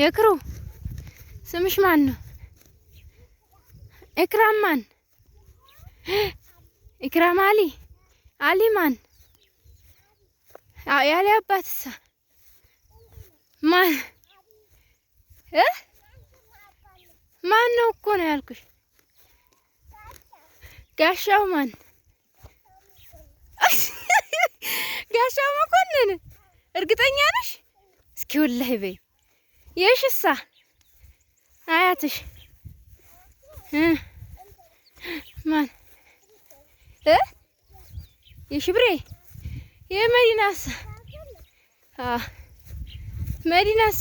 የክሩ ስምሽ ማን ነው? ኢክራም ማን? ኢክራም አሊ አሊ ማን? ያሊ አባትሳ ማን? ማን ነው እኮ ነው ያልኩሽ። ጋሻው ማን? ጋሻው መኮንን እርግጠኛ ነሽ? እስኪ ወላሂ በይ የሽሳ አያትሽ ማን እ የሽብሬ የመዲናሳ መዲናሳ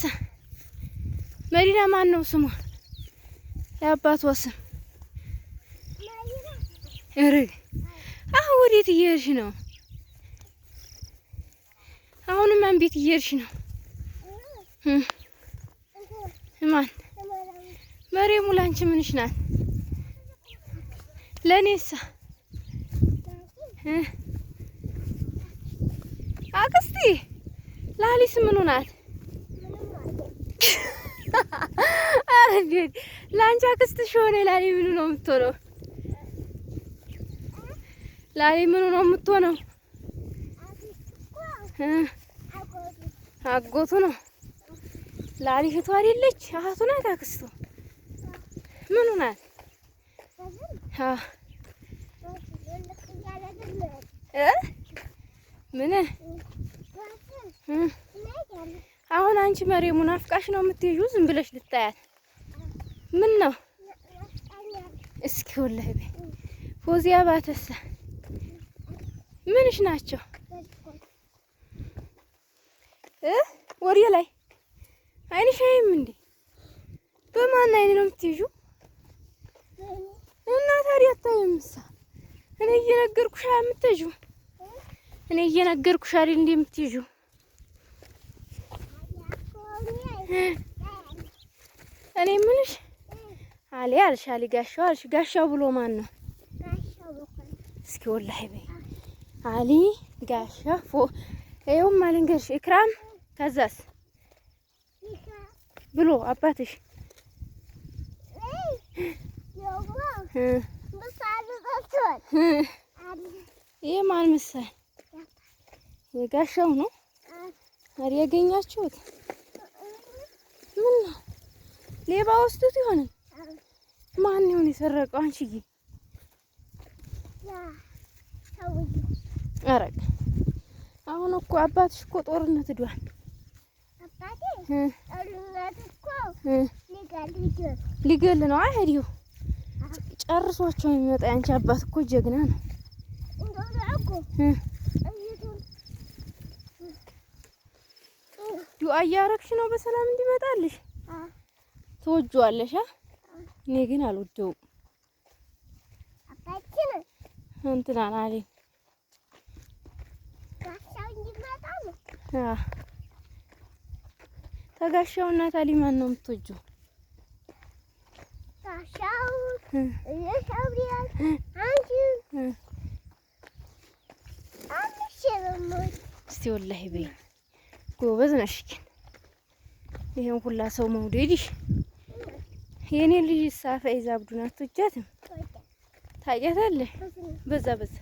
መዲና ማን ነው ስሟ? የአባቷ ስም እርግ። አሁን ወዴት እየሄድሽ ነው? አሁንም አንቤት እየሄድሽ ነው? ማን መሬሙ ላንቺ ምንሽ ናት? ለኔሳ አክስቲ ላሊስ ምኑ ናት? እንዴት ለአንቺ አክስትሽ ሆነ ላሊ ምኑ ነው የምትሆነው? ላሊ ምኑ ነው የምትሆነው? አጎቱ ነው። ላሊሽቱ አይደለች አህቱ ናት አክስቱ ምኑ ናት? ምን አሁን አንቺ መሬሙን አፍቃሽ ነው የምትይዩ? ዝም ብለሽ ልታያት ምን ነው እስኪ ወላሂ በይ ፎዚያ ምንሽ ናቸው ወሬ ላይ አይንሽ አይም እንዴ? በማን አይን ነው የምትይዡ? እና ታዲያ አታየምሳ? እኔ እየነገርኩሽ አይደል የምትይዡ? እኔ እየነገርኩሽ አይደል እንዴ የምትይዡ? እኔ ምንሽ አሊ አልሽ አሊ ጋሻው አልሽ ጋሻው ብሎ ማን ነው? እስኪ ወላሂ በይ አሊ ጋሻ ፎ ይኸውም አልንገርሽ ኢክራም ከዛስ ብሎ አባትሽ ይህ ማን ምሳል የጋሻው ነው አሪ ያገኛችሁት? ምን ነው ሌባ ወስዱት ይሆን? ማን ይሆን የሰረቀው? አንቺዬ አረቅ አሁን እኮ አባትሽ እኮ ጦርነት አባቴ ሊገል ነው አይሄድው ጨርሷቸው የሚመጣ ያንቺ አባት እኮ ጀግና ነው። ዱአ እያረግሽ ነው በሰላም እንዲመጣልሽ። ትወጂዋለሽ። እኔ ግን አልወደውም። እንትና አዎ ከጋሻው እና ታሊማን ነው የምትወጂው? እስቲ ወላሂ በይ ጎበዝ ነሽ፣ ግን ይሄን ሁላ ሰው መውደድሽ። ልጅ ሳፋ ይዛ አትወጃትም? በዛ በዛ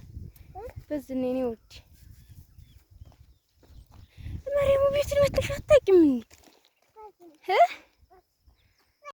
በዝን የኔ ወድ ማርያም ቤትን መተሽ አታውቂም እንዴ? হ্যাঁ